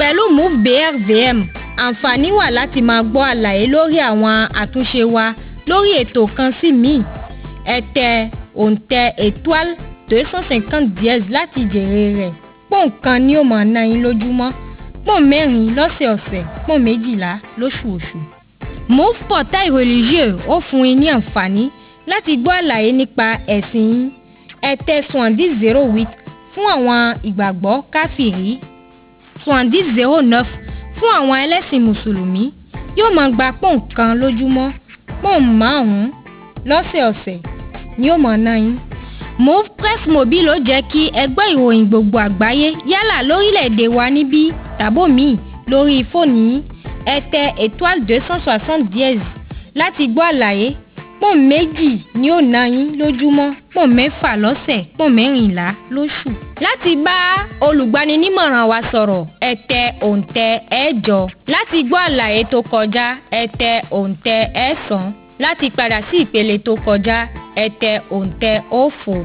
Pẹ̀lú Move BRVM, àǹfààní wà láti máa gbọ́ àlàyé lórí àwọn àtúnṣe wa lórí ètò kan sí míì. Ẹ tẹ òǹtẹ̀ étoile 250 dièse láti jèrè rẹ̀. Pọ́ùn kan ni ó máa ná yín lójúmọ́, pọ́ùn mẹ́rin lọ́sẹ̀ọ̀sẹ̀, pọ́ùn méjìlá lóṣooṣù. Move Portail Religieux ó fún yín ní àǹfààní láti gbọ́ àlàyé nípa ẹ̀sìn yín. Ẹ tẹ 70 08 fún àwọn ìgbàgbọ́ káfíìrì 70 09 fún àwọn ẹlẹ́sìn mùsùlùmí yóò máa gba pọ́ùn kan lójúmọ́ pọ́ùn márùn-ún lọ́sẹ̀ọ̀sẹ̀ ni ó máa ná yín. Move Press Mobile ó jẹ́ kí ẹ gbọ́ ìròyìn gbogbo àgbáyé yálà lórílẹ̀‐èdè wa níbí tàbómi lórí fóònù yín ẹ tẹ étoile deux cent soixante dièse láti gbọ́ àlàyé pọ́n méjì ni ó ná yín lójúmọ́ pọ́n mẹ́fà lọ́sẹ̀ pọ́n mẹ́rìnlá lóṣù. láti bá olùgbaninímọ̀ràn wa sọ̀rọ̀ ẹ tẹ òǹtẹ̀ ẹ̀jọ láti gbọ́ àlàyé tó kọjá ẹ tẹ òǹtẹ̀ ẹ̀sán láti padà sí ìpele tó kọjá ẹ tẹ òǹtẹ̀ òfo.